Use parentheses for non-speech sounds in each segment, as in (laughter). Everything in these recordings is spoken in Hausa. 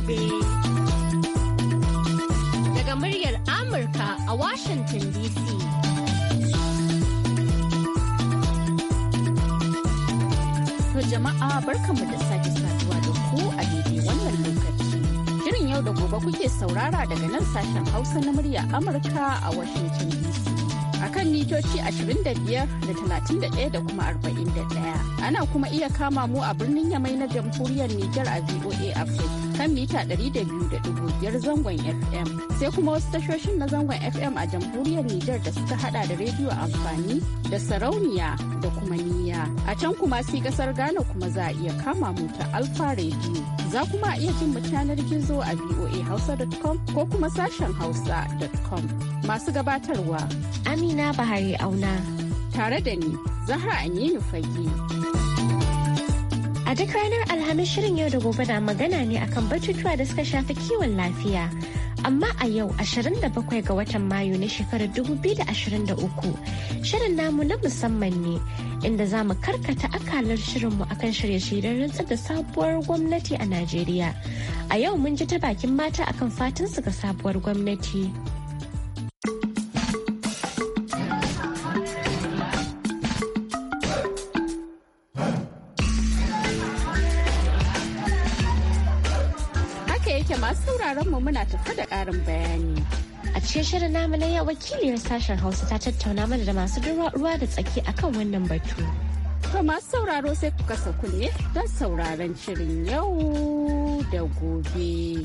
gobe. Daga muryar Amurka a Washington DC. To jama'a barkanmu da sake saduwa da ku a daidai wannan lokaci. Shirin yau da gobe kuke saurara daga nan sashen Hausa na murya Amurka a Washington DC. A kan nitoci 25 da 31 da kuma 41. Ana kuma iya kama mu a birnin Yamai na jamhuriyar Nijar a VOA Africa kan mita 200.5 zangon FM sai kuma wasu tashoshin na zangon FM a jamhuriyar Nijar da suka hada da rediyo amfani da sarauniya da kuma niya. A can kuma sai kasar Ghana kuma za a iya kama mu ta Alfa Radio. Za kuma a iya jin mu rikin gizo a voahausa.com ko kuma sashen hausa.com. Masu gabatarwa Amina Bahari Auna. Tare da ni, Zahra Aminu Fage. A duk ranar Alhamis shirin yau da gobe na magana ne akan batutuwa da suka shafi kiwon lafiya. Amma a yau 27 ga watan Mayu na shekarar 2023 shirin namu na musamman ne inda za mu karkata akalar shirinmu akan shirye-shiryen rantsar da sabuwar gwamnati a Najeriya. A yau mun ji ta bakin mata akan fatan su ga sabuwar gwamnati. muna tafi da ƙarin bayani. A cikin shirin namu na yau wakiliyar sashen Hausa ta tattauna mana da masu ruwa da tsaki akan wannan batu. To masu sauraro sai ku kasa kunne don sauraron shirin yau da gobe.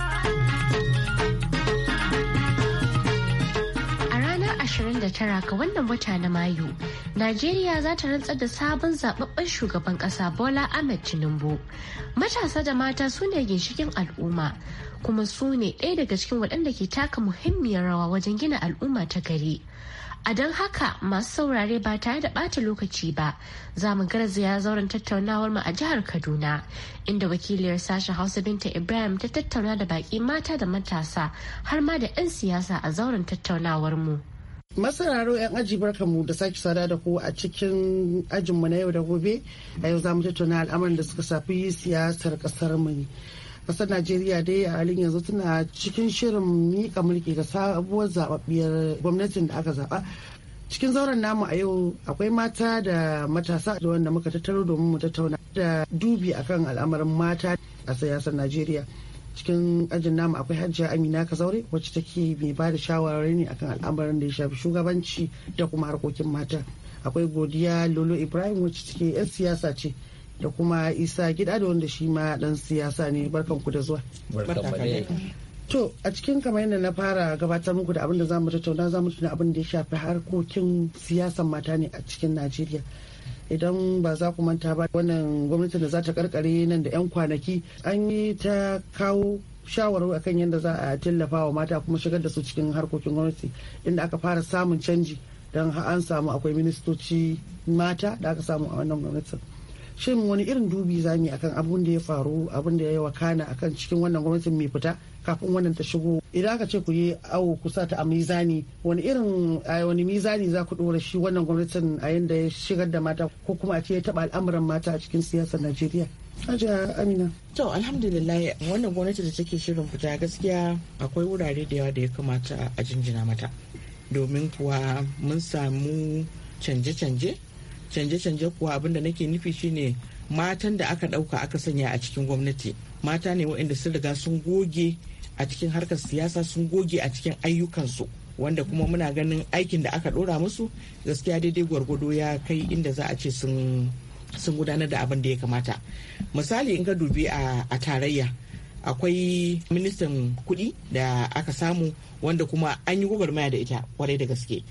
29 ga wannan wata na Mayu, Najeriya za ta rantsar da sabon zababben shugaban kasa Bola Ahmed Tinubu. Matasa da mata su ne ginshikin al'umma, kuma su ne ɗaya daga cikin waɗanda ke taka muhimmiyar rawa wajen gina al'umma ta gari. A don haka masu saurare ba tare da ɓata lokaci ba, za mu garzaya zauren tattaunawar mu a jihar Kaduna, inda wakiliyar sashen Hausa Binta Ibrahim ta tattauna da baƙi mata da matasa har ma da 'yan siyasa a zauren tattaunawar mu. masararo 'yan aji mu da sake sada da ku a cikin ajinmu na yau da gobe a yau za mu tattauna al'amuran da suka safi siyasar kasar mu kasar najeriya dai a halin yanzu tana cikin shirin mika mulki ga sabuwar zababbiyar gwamnatin da aka zaba cikin zauren namu a yau akwai mata da matasa da wanda muka tattaro domin mu tattauna da dubi akan al'amarin mata a siyasar najeriya cikin ajin namu akwai hajjiya amina kazaure wacce take mai ba da shawarwari ne akan al'amarin da ya shafi shugabanci da kuma harkokin mata akwai godiya lolo ibrahim wacce take yan siyasa ce da kuma isa Gida da wanda shi ma dan siyasa ne barkan ku da zuwa to a cikin kamar yadda na fara gabatar muku da abin da zamu tattauna za mu tuna abin da ya shafi harkokin siyasan mata ne a cikin najeriya idan ba za ku manta ba wannan gwamnatin da za ta karkare nan da 'yan kwanaki an yi ta kawo shawarwari akan yadda za a tallafa wa mata kuma shigar da su cikin harkokin gwamnati inda aka fara samun canji don an samu akwai ministoci mata da aka samu a wannan gwamnatin shin wani irin dubi za mu akan abun da ya faru abun da ya yi wakana akan cikin wannan gwamnatin mai fita kafin wannan ta shigo idan aka ce ku yi awo kusa ta a mizani wani irin a wani mizani za ku ɗora shi wannan gwamnatin a yadda ya shigar da mata ko kuma a ce ya taɓa al'amuran mata a cikin siyasar najeriya Hajiya Amina. To alhamdulillah wannan gwamnati da take shirin fita gaskiya akwai wurare da yawa da ya kamata a jinjina mata. Domin kuwa mun samu canje-canje. Canje-canje kuwa abinda nake nufi shine matan da aka ɗauka aka sanya a cikin gwamnati. Mata ne waɗanda sun riga sun goge a cikin harkar siyasa sun goge a cikin ayyukansu wanda kuma muna ganin aikin da aka ɗora musu gaskiya daidai gwargwado ya kai inda za a ce sun gudanar da abin da ya kamata misali in ka dubi a, tarayya akwai ministan kuɗi da aka samu wanda kuma an yi gwagwarmaya da ita kwarai da gaske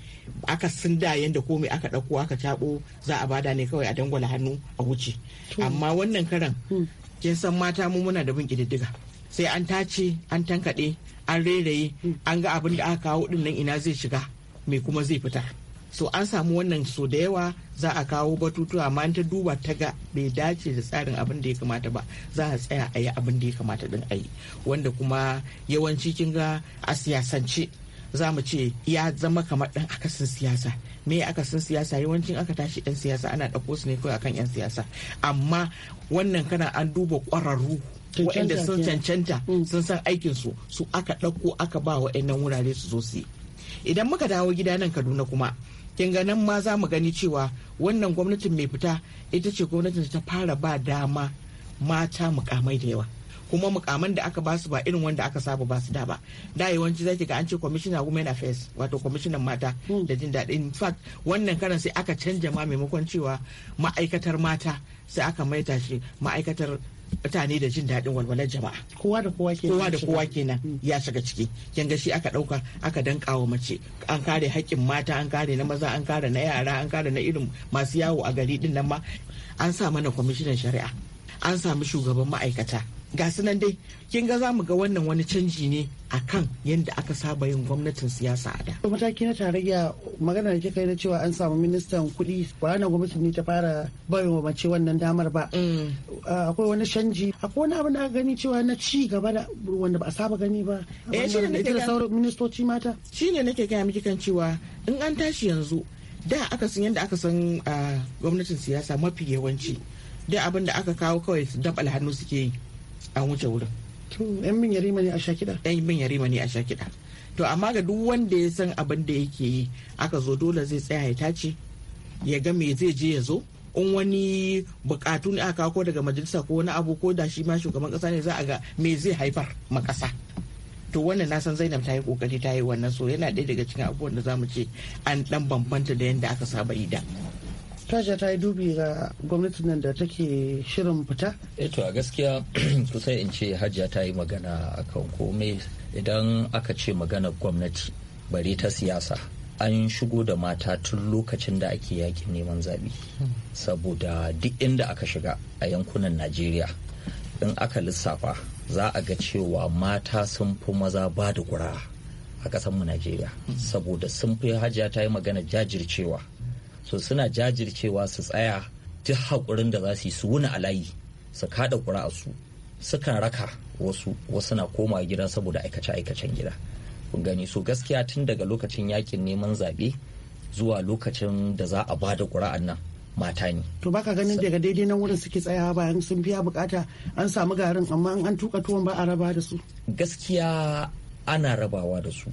aka sun da yadda komai aka ɗauko aka taɓo za a bada ne kawai a dangwala hannu a wuce amma wannan karan hmm. kin san mata mu muna da bin ƙididdiga sai an tace an tankaɗe an rairaye an ga abin da aka kawo din nan ina zai shiga mai kuma zai fita so an samu wannan so da yawa za a kawo batutuwa ma ta duba ta ga bai dace da tsarin abin da ya kamata ba za a tsaya a yi abin da ya kamata din a yi wanda kuma yawanci kin ga a siyasance za mu ce ya zama kamar dan akasin siyasa me akasin siyasa yawancin aka tashi yan siyasa ana ɗauko su ne kawai akan yan siyasa amma wannan kana an duba ƙwararru waɗanda sun cancanta mm. sun san aikin su su aka ɗauko aka ba waɗannan wurare su zo su idan muka dawo gida nan kaduna kuma kin ga nan ma za mu gani cewa wannan gwamnatin mai fita ita ce gwamnatin ta fara ba dama mata mukamai da yawa kuma mukaman da aka ba su ba irin wanda aka saba ba su da ba da yawanci zaki ga an ce commissioner women affairs wato commissioner mata mm. da jin daɗi in fact wannan karan sai aka canja ma maimakon cewa ma'aikatar mata sai aka maita shi ma'aikatar mutane da jin daɗin walwalar jama'a kowa da kowa kenan kowa da kowa kenan mm. ya shiga ciki kin ga shi aka ɗauka aka danka wa mace an kare haƙƙin mata an kare na maza an kare na yara an kare na irin masu yawo a gari din nan ma an sa mana kwamishinan shari'a an samu shugaban ma'aikata ga su nan dai kin ga za mu ga wannan wani canji ne a kan yadda aka saba yin gwamnatin siyasa a da. mataki na tarayya magana da kika yi na cewa an samu ministan kuɗi ranar gwamnati ne ta fara bayan wa mace wannan damar ba. Mm. akwai wani canji akwai wani abu na gani cewa na ci gaba da wanda ba a saba gani ba. eh shi ne nake sauran ministoci mata. shi ne nake gaya miki kan cewa in an tashi yanzu da aka san yadda aka san ah, gwamnatin siyasa mafi yawanci da abin da aka kawo kawai dabal hannu suke yi. an wuce wurin yan bin yarima ne a sha kiɗa yan bin yarima ne a sha kiɗa to amma ga duk wanda ya san abin da yake yi aka zo dole zai tsaya ya tace ya ga me zai je ya zo in wani bukatu ne aka ko daga majalisa ko wani abu ko da shi ma shugaban kasa ne za a ga me zai haifar ma kasa to wannan na san zainab ta yi kokari ta yi wannan so yana ɗaya daga cikin abubuwan da zamu ce an ɗan bambanta da yadda aka saba yi da Taja ta yi dubi ga gwamnatin nan da take shirin fita? Eto eh a gaskiya (clears throat) kusan in ce hajiya ta yi magana a kan komai idan aka ce magana gwamnati bare ta siyasa an shigo da mata tun lokacin da ake yakin neman zaɓe saboda duk inda aka shiga a yankunan najeriya in aka lissafa za a ga cewa mata sun fi maza ba da gura a kasanmu najeriya saboda sun fi hajiya ta yi magana jajircewa so suna jajircewa su tsaya duk haƙurin da za su yi su wuna a layi su kaɗa ƙura'a su sukan raka wasu wasu na koma gida saboda aikace-aikacen gida kun gani so gaskiya tun daga lokacin yakin neman zaɓe zuwa lokacin da za a ba da ƙura'an nan mata ne. To baka ganin daga daidai nan wurin suke tsayawa bayan sun biya bukata an samu garin amma an tuka tuwon ba a raba da su. Gaskiya ana rabawa da su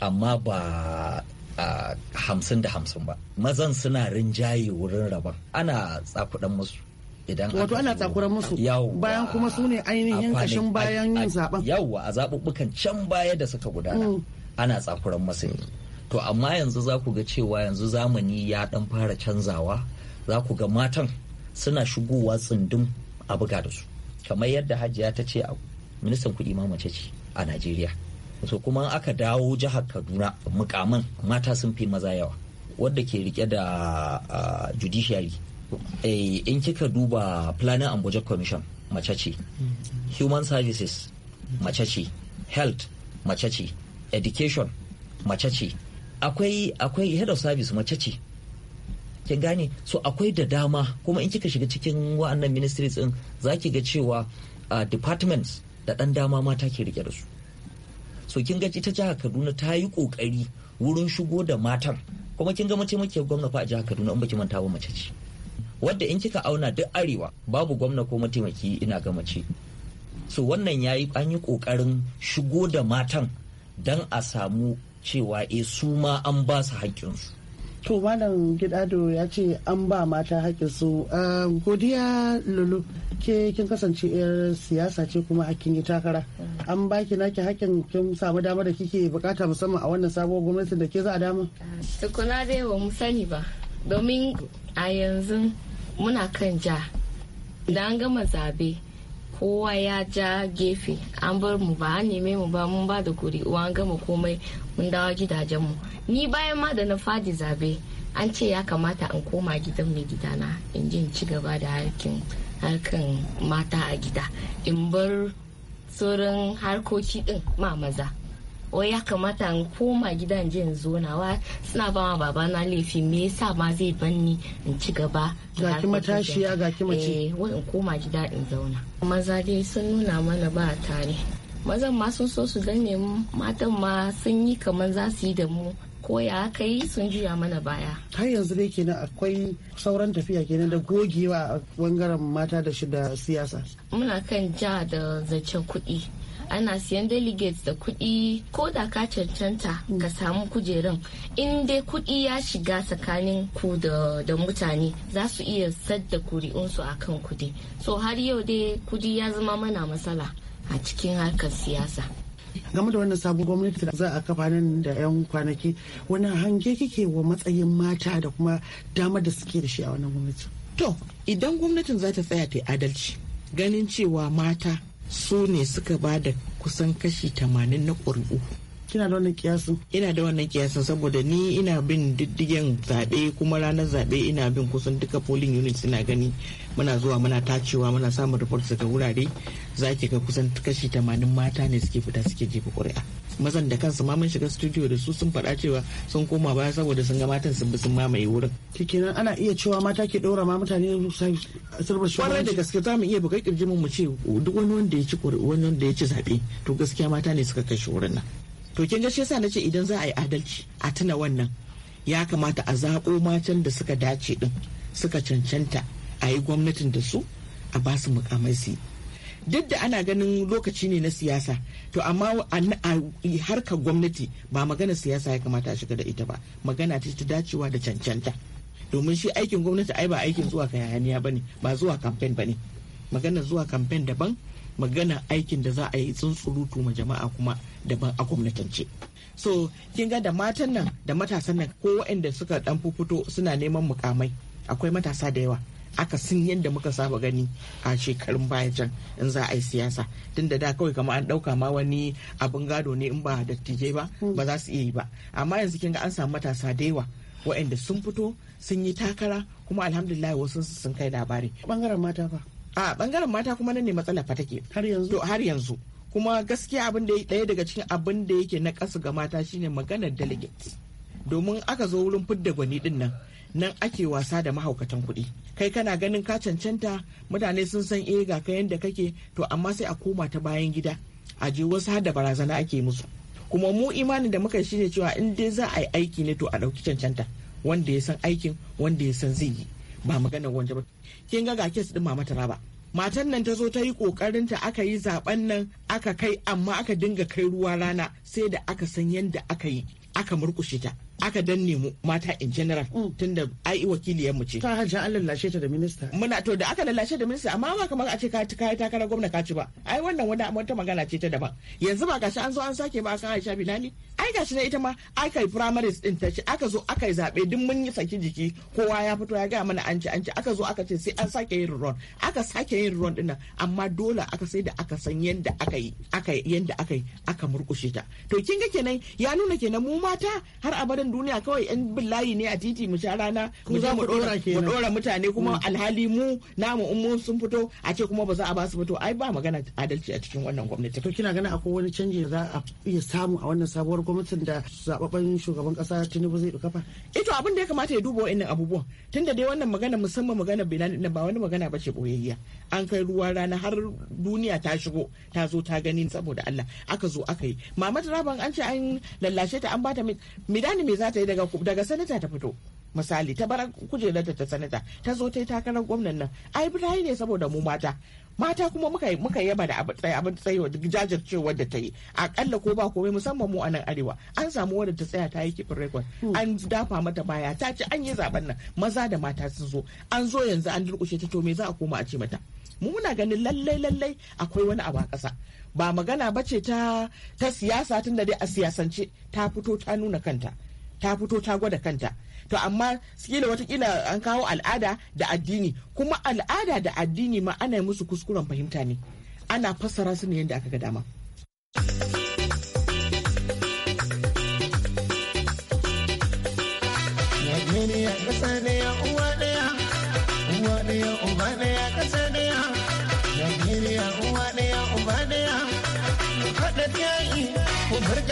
amma ba hamsin da hamsin ba mazan suna rinjaye wurin rabon ana tsakudan musu idan wato ana tsakuran musu bayan kuma su ne ainihin kashin bayan yin zaben yawwa a zaɓuɓɓukan can baya da suka gudana mm. ana tsakuran musu to amma yanzu za ku ga cewa yanzu zamani ya dan fara canzawa za ku ga matan suna shigowa tsundum a buga da su kamar yadda hajiya ta ce a ministan kuɗi ma mace ce a najeriya so kuma aka dawo jihar kaduna mukaman mata sun fi maza yawa wadda ke rike da uh, judiciary e, in kika duba planning and budget commission mace ce human services mace ce health mace ce education mace ce akwai akwai head of service mace ce kin gane so akwai da dama kuma in kika shiga cikin wa'annan ministries din zaki ga cewa uh, departments da dan dama mata ke rike da su so kin ga ta jihar kaduna ta yi kokari wurin shigo da matan kuma kin ga mace muke gwamna fa a jihar kaduna in baki manta ba mace ce wadda in kika auna duk arewa babu gwamna ko mataimaki ina ga mace so wannan yayi an yi kokarin shigo da matan dan a samu cewa eh su ma an ba su haƙƙinsu to malam gidado ya ce an ba mata haƙƙin su ah, godiya lulu ke kin kasance yar siyasa ce kuma hakkin yi takara an baki naki haƙƙin kin samu dama da kike bukata musamman a wannan sabuwar gwamnati da ke za a dama tukuna zai ba mu sani ba domin a yanzu muna kan ja da an gama zabe kowa ya ja gefe an bar mu ba an neme mu ba mun ba da kuri'u an gama komai mun dawo gidajenmu ni bayan ma da na fadi zabe an ce ya kamata in koma gidan mai gidana in ji ci gaba da harkin harkan mata a gida in bar tsoron harkoki din ma maza wai ya kamata in koma gidan in je in zo nawa suna ba ma baba na laifi me yasa ma zai ban ni in ci gaba ga ki ya ga ki mace eh, wai in koma gida in zauna maza dai sun nuna mana ba tare mazan ma sun so su danne mu matan ma sun yi kamar za su yi da mu ko ya aka yi sun juya mana baya. Har yanzu dai kenan akwai sauran tafiya kenan da gogewa a bangaren mata da shi da siyasa. Muna kan ja da zancen kuɗi. Ana siyan delegates da kuɗi ko da ka cancanta ka samu kujerun in dai kuɗi ya shiga tsakanin ku da, mutane za su iya sadda kuri'unsu a kan kuɗi. So har yau dai kuɗi ya zama mana matsala. a cikin harkar siyasa game da wannan sabon gwamnati da za a kafa nan da 'yan kwanaki wani hange kike wa matsayin mata da kuma damar da suke da shi a wannan gwamnati to idan gwamnatin za ta tsaya ta yi adalci ganin cewa mata su ne suka ba da kusan kashi 80 na ƙuri'u kina da wannan kiyasin ina da wannan kiyasin saboda ni ina bin diddigen zaɓe kuma ranar zaɓe ina bin kusan duka polling units ina gani muna zuwa muna tacewa muna samun report daga wurare za ki ga kusan kashi 80 mata ne suke fita suke jefa ƙuri'a mazan da kansu ma mun shiga studio da su sun faɗa cewa sun koma baya saboda sun ga matan sun bi sun mamaye wurin kikinan ana iya cewa mata ke ɗora ma mutane sarbar shi wannan da gaske za mu iya buƙar kirjimin mu ce duk wani wanda ya ci wani wanda ya ci zaɓe to gaskiya mata ne suka kashe wurin nan to kin ga shi yasa nace idan za a yi adalci a tuna wannan ya kamata a zaɓo matan da suka dace din suka cancanta a yi gwamnatin da su a ba su mukamai duk da ana ganin lokaci ne na siyasa to amma a harka gwamnati ba magana siyasa ya kamata a shiga da ita ba magana ce ta dacewa da cancanta domin shi aikin gwamnati ai ba aikin zuwa hayaniya ba ne ba zuwa kamfen ba ne magana zuwa kamfen daban magana aikin da za a yi tsuntsurutu ma jama'a kuma daban a gwamnatance so kin ga da matan nan da matasan nan ko waɗanda suka dan fito suna neman mukamai akwai matasa da yawa aka sun yadda muka saba gani a shekarun baya can in za a yi siyasa tun da da kawai kama an ɗauka ma wani abin gado ne in ba dattijai ba mm. ba za su iya yi ba amma yanzu kin ga an samu matasa da yawa waɗanda sun fito sun yi takara kuma alhamdulillah wasu sun kai labari bangaren mata ba a bangaren mata kuma nan ne matsala fa take har yanzu to har yanzu kuma gaskiya abin da ɗaya daga cikin abin da yake na kasu ga mata shine maganar delegate domin aka zo wurin fidda gwani din nan nan ake wasa da mahaukatan kuɗi kai kana ganin ka cancanta mutane sun san eh ga ka yanda kake to amma sai a koma ta bayan gida a je wasu har da barazana ake musu kuma mu imanin da muka shine cewa in dai za a yi aiki ne to a ɗauki cancanta wanda ya san aikin wanda ya san zai yi ba maganar wanda ba kin ga ga kes din mama ba matan nan ta zo ta yi kokarin ta aka yi zaben nan aka kai amma aka dinga kai ruwa rana sai da aka san yadda aka yi aka murkushe ta aka danne mu mata in general mm. tunda ai wakiliyar mu ce ta hajja an lallashe ta da minista muna to da aka lallashe da minista amma ba kamar a ce ka kai takara gwamna ka ci ba ai wannan wani ta magana ce ta daban yanzu ba gashi an zo an sake ba a san Aisha Binani ai gashi na ita ma aka yi primaries din ta ci aka zo aka yi zabe duk mun yi saki jiki kowa ya fito ya ga mana an ci an ci aka zo aka ce sai an sake yin run aka sake yin run din nan amma dole aka sai da aka san yanda aka yi aka yanda aka yi aka murkushe ta to kin ga kenan ya nuna kenan mu mata har abadan kan duniya kawai yan billahi ne a titi mu sha rana mu za mu dora mutane kuma mm. alhali mu namu in sun fito a ce kuma ba za a ba su fito ai ba magana adalci a cikin wannan gwamnati to kina ganin akwai wani canji za a iya samu a wannan sabuwar gwamnatin da zababban shugaban kasa Tinubu zai duka fa ito eh abin da ya kamata ya duba wa'annan abubuwan tunda dai wannan magana musamman magana ina ba wani magana ba ce boyayya an kai ruwa rana har duniya ta shigo ta zo ta gani saboda Allah aka zo aka yi mama turaban an ce an lallashe ta an bata midani me za ta yi daga daga sanata ta fito misali ta bar kujerarta ta sanata ta zo ta yi takarar gwamnan nan ai birayi ne saboda mu mata mata kuma muka muka yaba da abu tsaye abin tsayewa jajircewar wadda ta yi akalla ko ba komai musamman mu a nan arewa an samu wadda ta tsaya ta yi kifin rekod hmm. an dafa mata baya ta ce an yi zaben nan maza da mata sun zo an zo yanzu an durkushe ta to me za a koma a ce mata mu muna ganin lallai lallai akwai wani abu a ƙasa ba magana ba ce ta siyasa tunda dai a siyasance ta fito ta nuna kanta ta fito ta gwada kanta to amma kila watakila an kawo al'ada da addini kuma al'ada da addini ma ana yi musu kuskuren fahimta ne ana fassara su ne yadda aka ga dama Nigeria,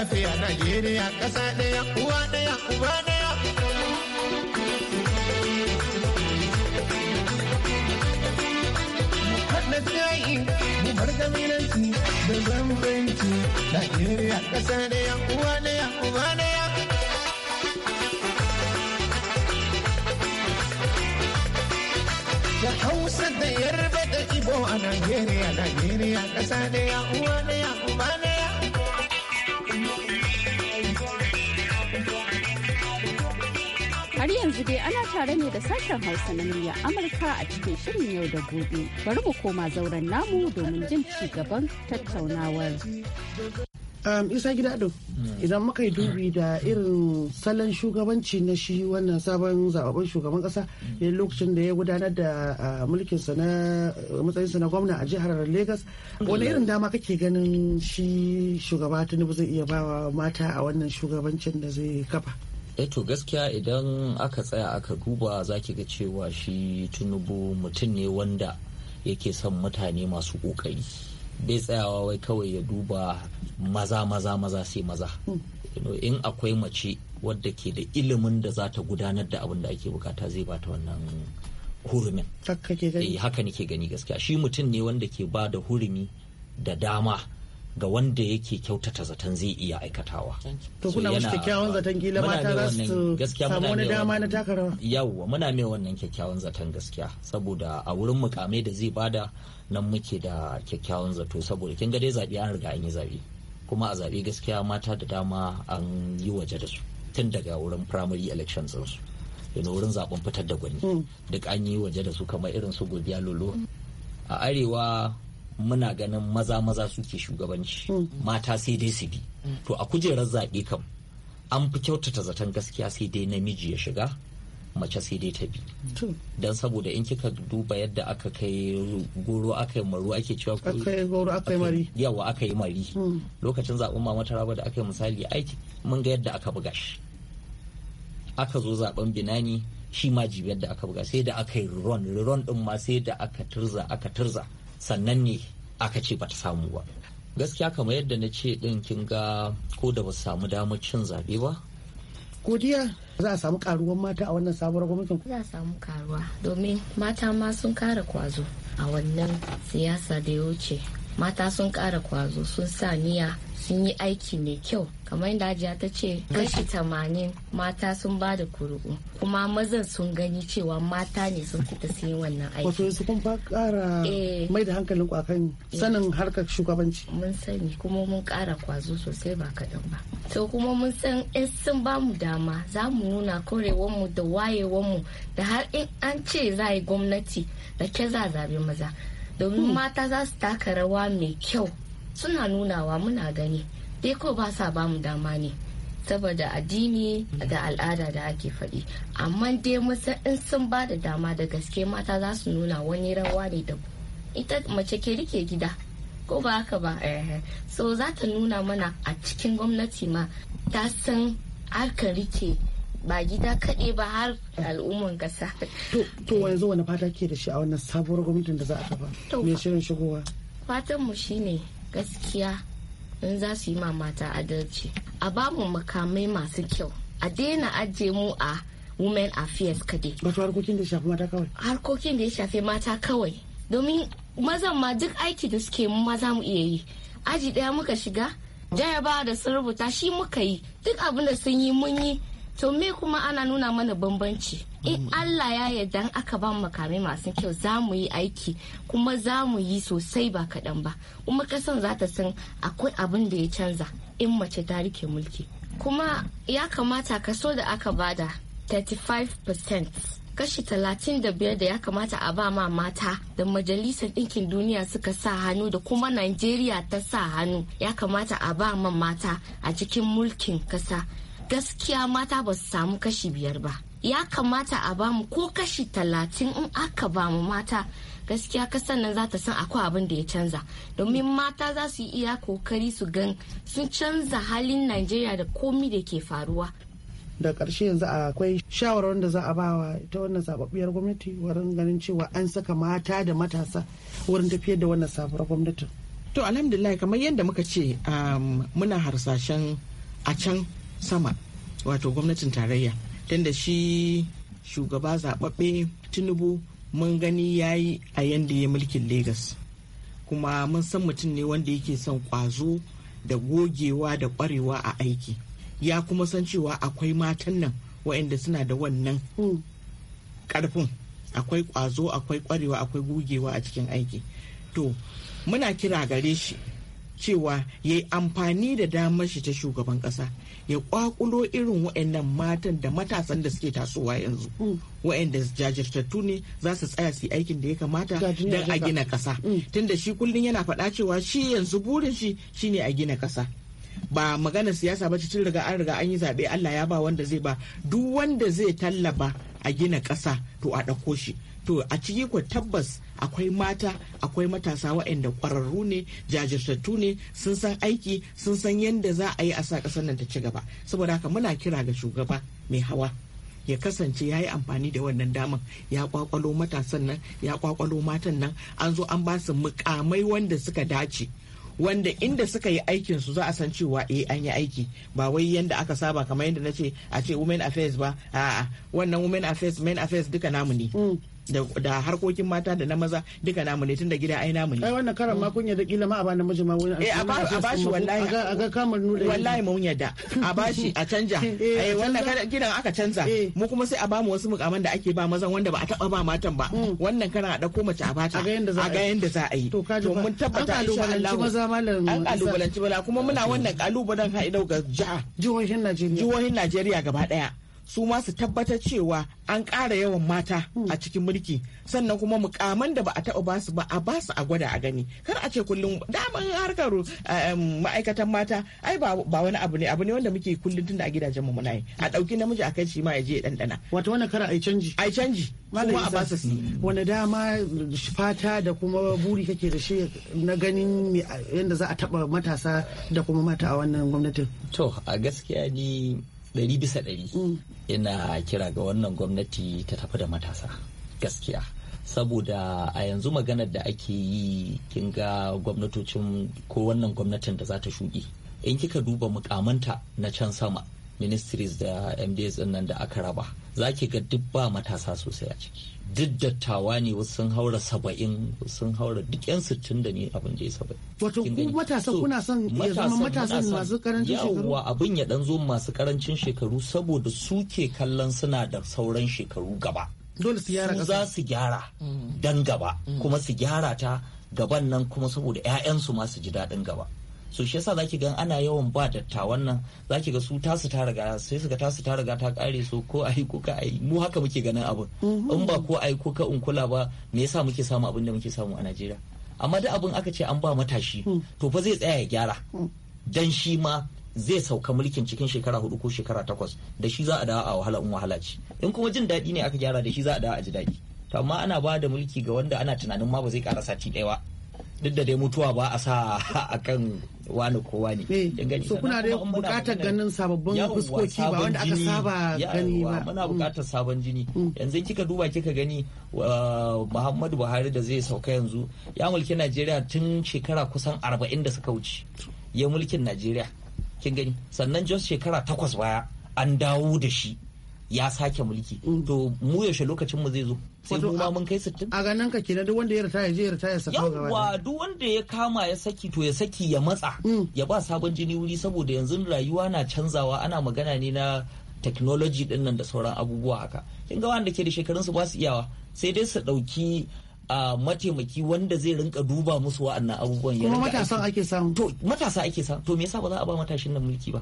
lafiya Najeriya ƙasa ɗaya uwa ɗaya uba ɗaya. Haɗa mu bar da bambanci Najeriya ƙasa ɗaya uwa ɗaya uba ɗaya. Da Hausa da Yarba da Ibo a Najeriya, Najeriya ƙasa ɗaya uwa ɗaya uba ɗaya. Har yanzu dai ana tare ne da sashen Hausa na murya Amurka a cikin shirin yau da gobe. Bari mu koma zauren namu domin jin ci gaban tattaunawar. isa gida ɗin hmm. idan muka yi dubi da irin salon shugabanci na shi wannan sabon zababen shugaban kasa hmm. ne lokacin da ya gudanar da sa na matsayinsa na gwamna a jihar lagos wani irin dama kake ganin shi shugaba tinubu zai iya bawa mata a wannan shugabancin da zai kafa eh to gaskiya idan aka tsaya aka duba za ki ga cewa shi tunubu mutum ne wanda yake son mutane masu kokari bai tsayawa wai kawai ya duba maza maza maza sai maza in akwai mace wadda ke da ilimin da za ta gudanar da abin da ake bukata zai bata wannan hurumin eh, haka nake gani gaskiya shi mutum ne wanda ke ba da hurumi da dama ga wanda yake kyautata zaton zai iya aikatawa. To kuna wasu kyakkyawan zaton gila mata za su samu wani dama na Yawwa muna mai wannan kyakkyawan zaton gaskiya saboda a wurin mukamai da zai bada nan muke da kyakkyawan zato saboda kin ga dai zaɓe an riga an yi zaɓe kuma a zaɓe gaskiya mata da dama an yi waje da su tun daga wurin primary elections su. Yana wurin zaɓen fitar da gwani hmm. duk an yi waje da su kamar irin su Gobiya lolo. A arewa muna ganin maza maza suke shugabanci hmm. mata sai dai su bi hmm. to a kujerar zaɓe kam an fi kyautata zaton gaskiya sai dai namiji ya shiga mace sai dai ta bi don saboda in kika duba yadda aka kai goro aka yi maru ake cewa goro aka yi mari yawa aka yi mari hmm. lokacin zaɓen mama taraba da aka yi misali aiki mun ga yadda aka buga shi aka zo zaɓen binani shi ma jibiyar da aka buga sai da aka yi ron ron din ma sai da aka turza aka turza sannan ne aka ce bata samu ba gaskiya kamar yadda na ce din kin ga ko da ba samu damar cin zabe ba godiya za a samu karuwan mata a wannan sabuwar gwamnatin za a samu karuwa domin mata ma sun kara kwazo a wannan siyasa da ya wuce mata sun ƙara kwazo sun sa niya sun yi aiki mai kyau kamar yadda hajiya ta ce kashi tamanin mata sun ba da kuri'u kuma mazan sun gani cewa mata ne sun fita sun yi wannan aiki wato su kun fa kara eh. mai da hankalin ku akan sanin harkar shugabanci mun sani kuma mun kara kwazo sosai ba kaɗan ba to kuma mun san in sun ba mu dama za mu nuna korewar mu da wayewar mu da har in an ce za a yi gwamnati da ke za a zabe maza domin hmm. mata za su taka rawa mai kyau suna nunawa muna gani dai ko ba sa ba dama ne saboda addini da al'ada da ake faɗi amma dai musa in sun ba da dama da gaske mata za su nuna wani rawa ne da ita mace ke rike gida ko ba haka ba eh, so za ta nuna mana a cikin gwamnati ma ta san harkar rike ba gida kaɗai ba har al'umman ƙasa. To yanzu wani fata ke da shi a wannan sabuwar gwamnatin da za a kafa? Me shirin shigowa? Fatan mu shine gaskiya in za su yi ma mata adalci. A ba mu makamai masu kyau. A daina ajiye mu a Women Affairs kaɗai. Wato harkokin da shafi mata kawai? Harkokin da ya shafi mata kawai. Domin mazan ma duk aiki da suke mu maza mu iya yi. Aji ɗaya muka shiga, jaraba da sun rubuta shi muka yi. Duk abin da sun yi mun yi to me kuma ana nuna mana bambanci in allah ya yarda aka ba makamai masu kyau za mu yi aiki kuma za mu yi sosai ba kaɗan ba kuma kasan za ta san akwai abin da ya canza in mace ta rike mulki kuma ya kamata kaso da aka ba da 35% kashi 35 da ya kamata a ba ma mata da majalisar ɗinkin duniya suka sa hannu da kuma Najeriya ta sa hannu ya kamata a ba ma mata a cikin mulkin kasa gaskiya mata ba su samu kashi biyar ba ya kamata a bamu ko kashi talatin in aka bamu mata gaskiya kasan nan za ta san akwai abin da ya canza domin mata za su yi iya kokari su gan sun canza halin najeriya da komi da ke faruwa da ƙarshe yanzu akwai shawarar da za a ba wa ita wannan zababbiyar gwamnati wurin ganin cewa an saka mata da matasa wurin tafiyar da wannan sabuwar gwamnatin to alhamdulillah kamar yadda muka ce um, muna harsashen a can sama wato gwamnatin tarayya tunda shi shugaba zaɓaɓɓe tinubu mun gani ya yi a yanda ya mulkin Legas kuma mun san mutum ne wanda yake son ƙwazo da gogewa da ƙwarewa a aiki ya kuma san cewa akwai matan nan waɗanda suna da wannan hmm. ƙarfin akwai ƙwazo akwai ƙwarewa akwai gogewa a cikin aiki to muna kira gare shi cewa ya yi amfani da damar shi ta shugaban kasa ya kwakulo irin waɗannan matan da matasan da suke tasowa yanzu mm. waɗanda jajirtattu ne za su tsaya su aikin da ya kamata don a gina kasa mm. tunda shi kullum yana faɗa cewa shi yanzu burin shi shine a gina ƙasa ba maganar siyasa ba tun daga an riga an yi zaɓe Allah ya ba wanda zai ba duk wanda zai tallaba a gina ƙasa to a ɗauko shi to a ciki ku tabbas akwai mata akwai matasa waɗanda ƙwararru ne jajirtattu ne sun san aiki sun san yadda za a yi a sa ƙasar nan ta ci gaba saboda haka muna kira ga shugaba mai hawa ya kasance ya yi amfani da wannan daman ya kwakwalo matasan nan ya kwakwalo matan nan an zo an ba su mukamai wanda suka dace wanda inda suka yi aikin su za a san cewa eh an yi aiki ba wai yanda aka saba kamar yadda na ce a ce women affairs ba a'a wannan women affairs men affairs duka namu ne mm. da harkokin mata da na maza duka namu ne tunda gida ai namu ne ai wannan karan ma kun yadda kila ma a ba miji ma wani eh a bashi a bashi wallahi a ga kamar nuna wallahi mun yadda a bashi a canja ai (laughs) eh, eh, wannan gidan aka canza eh. mu kuma sai a ba mu wasu mukaman da ake ba mazan wanda ba a taba ba matan ba hmm. wannan karan a dauko mace a bata a ga yanda za a yi to mun tabbata insha Allah maza malam an kalubalanci bala kuma muna wannan kalubalan ha idau ga jiha jihohin Najeriya jihohin Najeriya gaba daya su ma su tabbatar cewa an ƙara yawan mata a cikin mulki sannan kuma mukaman da ba a taɓa basu ba a basu a gwada a gani kar a ce kullum daman harkar eh, ma'aikatan mata ai ba wani abu ne abu ne wanda muke kullum tun da a gidajen mu muna yi a ɗauki namiji a kai shi ma ya je ya ɗanɗana. wato wannan a yi canji A yi canji kuma a basu su wani dama fata da kuma buri kake da shi na ganin yadda za a taɓa matasa da kuma mata a wannan gwamnatin. to a gaskiya ni ɗari bisa ɗari mm. ina kira ga wannan gwamnati ta tafi da matasa gaskiya saboda a yanzu maganar da ake yi kin ga gwamnatocin ko wannan gwamnatin da za ta shuɗi in kika duba mukamanta na can sama ministries da mds din nan da aka raba za ki ga duk ba matasa sosai a ciki duk dattawa ne wasu sun haura saba'in sun haura duk yan sittin da ne abin da ya saba'in. wato ku matasa kuna son ya zama matasan masu karancin shekaru yawwa abin ya dan zo masu karancin shekaru saboda su ke kallon suna da sauran shekaru gaba dole su gyara za su gyara mm. dan gaba mm. kuma su gyara ta gaban nan kuma saboda 'ya'yansu ma su ji daɗin gaba so shi yasa zaki gan ana yawan ba dattawan nan zaki ga su tasu ta riga sai su ga tasu ta riga ta kare su ko ai ko ka ai mu haka muke ganin abun. Mhm. in ba ko ai ko ka in kula ba me yasa muke samu abin da muke samu a Najeriya amma da abin aka ce an ba matashi hmm. to fa zai tsaya ya gyara hmm. dan shi ma zai sauka mulkin cikin shekara hudu ko shekara takwas da shi za a dawo a wahala in wahala ce in kuma jin daɗi ne aka gyara da shi za a dawo a ji daɗi to amma ana ba da mulki ga wanda ana tunanin ma ba zai ƙara sati ɗaya ba duk da dai mutuwa ba a sa a kan wani ko wani. Eh, so kuna dai bukatar ganin sababbin fuskoki ba wanda aka saba gani ba. Muna mm. bukatar sabon jini. Mm. Yanzu kika duba kika gani Muhammadu Buhari da zai sauka yanzu ya mulki Najeriya tun shekara kusan arba'in da suka wuce. Ya mulkin Najeriya. Kin gani sannan jos shekara takwas baya an dawo da shi ya sake mulki. Mm. To mu yaushe lokacin mu zai zo. sai kuma mun kai sittin. a ganin ka kenan duk wanda ya ya je ya rata ya saka gaba yawa duk wanda ya kama ya saki to ya saki ya matsa mm. ya ba sabon jini wuri saboda yanzu rayuwa na canzawa ana magana ne na technology din nan da sauran abubuwa haka kin ga wanda ke da shekarun su ba su iyawa sai dai su dauki a mataimaki wanda zai rinka duba musu wa'annan abubuwan yana kuma matasa ake samu to matasa ake samu to me yasa ba za a ba matashin nan mulki ba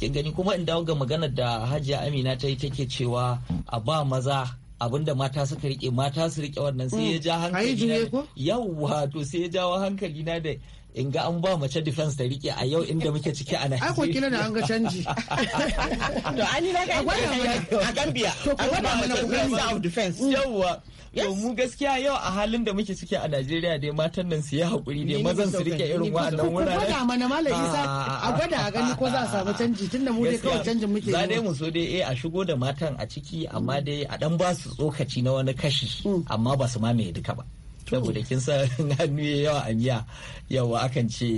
kin gani kuma in dawo ga maganar da Hajiya Amina ta yi take cewa a ba maza abinda mata suka rike mata su rike wannan sai ya mm. ja hankali na yawwa to sai ya jawo hankali na da in ga an ba mace defense ta rike a yau inda muke ciki a Najeriya. Ai kila da an ga canji. (laughs) To an yi na ga a Gambia. To ko ba mana defense. Yawwa. yau mu gaskiya yau a halin da muke ciki a Najeriya dai matan nan su yi hakuri dai mazan su rike irin wa'annan wuraren. Ku gwada mana malam Isa ah, ah, a gwada a gani ko za a samu canji tunda mu dai kawai canjin muke. yi. Za dai mu so dai eh a shigo da matan a ciki amma dai a dan ba su tsokaci na wani kashi mm. amma ba su mamaye duka ba. saboda kin sa hannu (laughs) ya yawa a miya yawa akan ce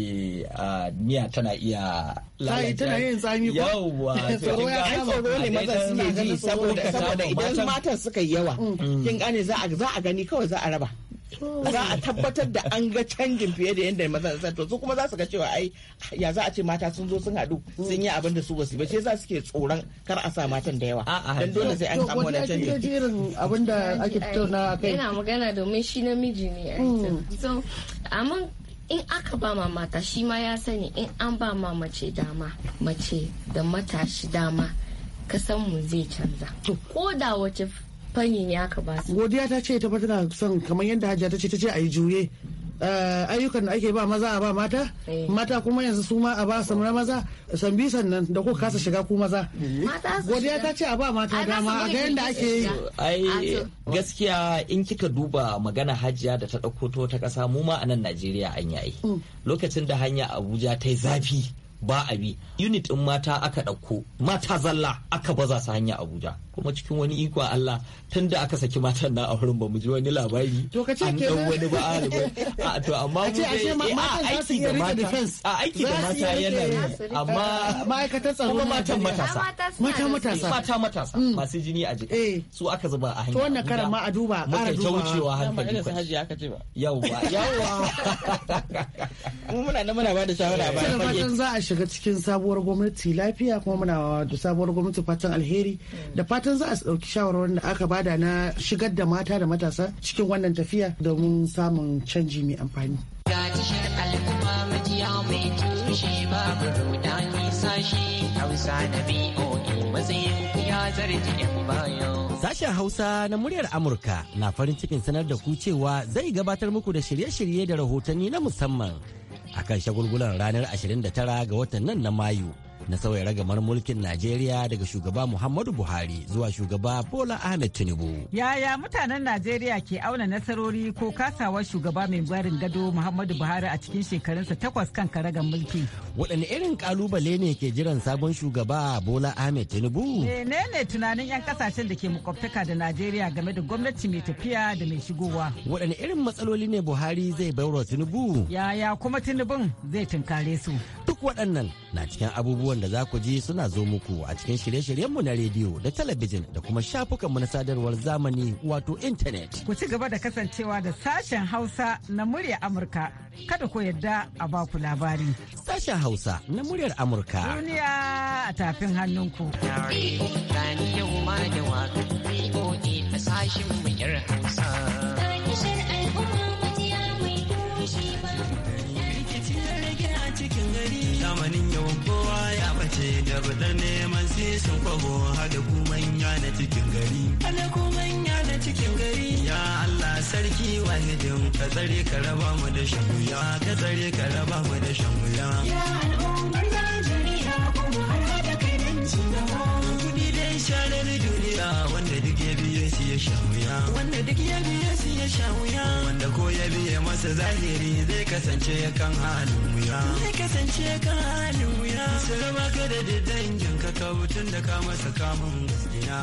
miya tana iya lalata tana yin tsami ko yawa (laughs) tsoro ya kama tsoro ne maza suke ji saboda saboda idan matan suka yi yawa mm. kin gane za a gani kawai za a raba za a tabbatar da an ga canjin fiye da yadda maza da to su kuma za su ga cewa ai ya za a ce mata sun zo sun hadu sun yi abin da su basu ba sai za su ke tsoron kar a sa matan da yawa dan dole sai an samu wani canji to jirin abin da ake tattauna kai yana magana domin shi namiji ne hmm. so amma in aka ba ma mata shi ma ya sani in an ba ma mace dama mace da matashi dama kasanmu zai canza ko da wace fanyin ya ka ba su godiya ta ce ta tana son kamar yadda hajiya ta ce ta ce a yi juye eh, ayyukan da ake ba maza a ba mata eh. mata kuma yanzu su ma a ba su na maza sambi sannan da ku kasa shiga ku maza godiya ta ce a ba mata dama a ga yadda ake yi ai gaskiya in kika duba magana hajiya da ta ɗauko to ta ƙasa mu ma a nan najeriya an yi mm. lokacin da hanya abuja ta yi zafi ba a bi unit in mata aka ɗauko mata zalla aka baza su hanya abuja kuma cikin wani iko Allah tun da aka saki matan na a wurin ba mu ji wani labari to ka ce kenan wani ba a to amma mu dai eh, aiki da mata a aiki da mata yana amma ma'aikatan tsaro kuma matan matasa mata matasa mata mm. matasa masu jini a jiki eh. su aka zuba a hanya to wannan karan ma a duba ƙara duba muka wucewa hankali ba haji aka ce ba yawa (laughs) yawa mu muna nan muna ba da shawara ba fatan za a shiga cikin sabuwar gwamnati lafiya kuma muna da sabuwar gwamnati fatan alheri da fatan fatan za a ɗauki shawarwarin da aka bada na shigar da mata da matasa cikin wannan tafiya domin samun canji mai amfani. hausa Sashen Hausa na muryar Amurka na farin cikin sanar da ku cewa zai gabatar muku da shirye-shirye da rahotanni na musamman akan shagulgulan ranar 29 ga watan nan na Mayu na sauya ragamar mulkin Najeriya daga shugaba Muhammadu Buhari zuwa shugaba Bola Ahmed Tinubu. Yaya mutanen Najeriya ke auna nasarori ko kasawar shugaba mai barin gado Muhammadu Buhari a cikin shekarunsa takwas kan karagan mulki? Waɗanne irin kalubale ne ke jiran sabon shugaba Bola Ahmed Tinubu? ne tunanin 'yan kasashen da ke makwabtaka da Najeriya game da gwamnati mai tafiya da mai shigowa? Waɗanne irin matsaloli ne Buhari zai baiwa Tinubu? Yaya kuma Tinubun zai tunkare su? Duk waɗannan na cikin abubuwa abubuwan da za ku ji suna zo muku a cikin shirye-shiryenmu na rediyo da talabijin da kuma shafukanmu na sadarwar zamani wato intanet. Ku ci gaba da kasancewa da sashen Hausa na muryar Amurka. Kada ku yarda a ba ku labari. Sashen Hausa na muryar Amurka. Duniya a tafin hannunku. Sashen muryar Hausa. ci gaba da neman sai sun kwabo hada ku manya na cikin gari hada ku manya na cikin gari ya Allah sarki wahidin ka tsare ka raba mu da shan wuya ka tsare ka raba mu da shan wuya ya al'ummar Najeriya kuma har hada kai dan ci gaba kudi dai sharar duniya wuya wanda duk ya biye shi ya sha wuya wanda duk ya biye shi ya sha wuya wanda ko ya biye masa zahiri zai kasance kan halin wuya zai kasance kan halin wuya su raba ka da dangin ka kawo da ka masa kamun gaskiya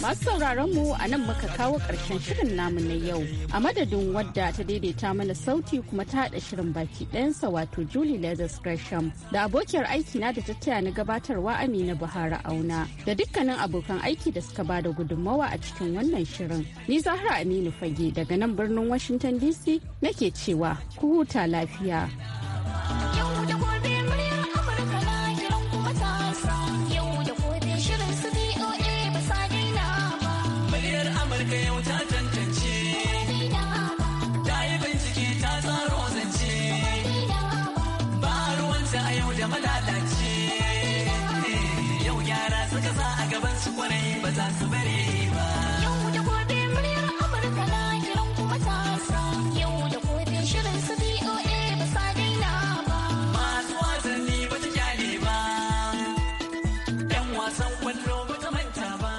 masu sauraron mu a nan muka kawo karshen shirin namu na yau a madadin wadda ta daidaita mana sauti kuma ta hada shirin baki ɗayansa wato Julie Leathers Gresham da abokiyar aiki na da ta taya ni gabatarwa Amina Buhari Auna da dukkanin abokan aiki da suka da gudunmawa a cikin wannan shirin. Ni Zahra Aminu Fage daga nan birnin Washington DC nake cewa ku huta lafiya.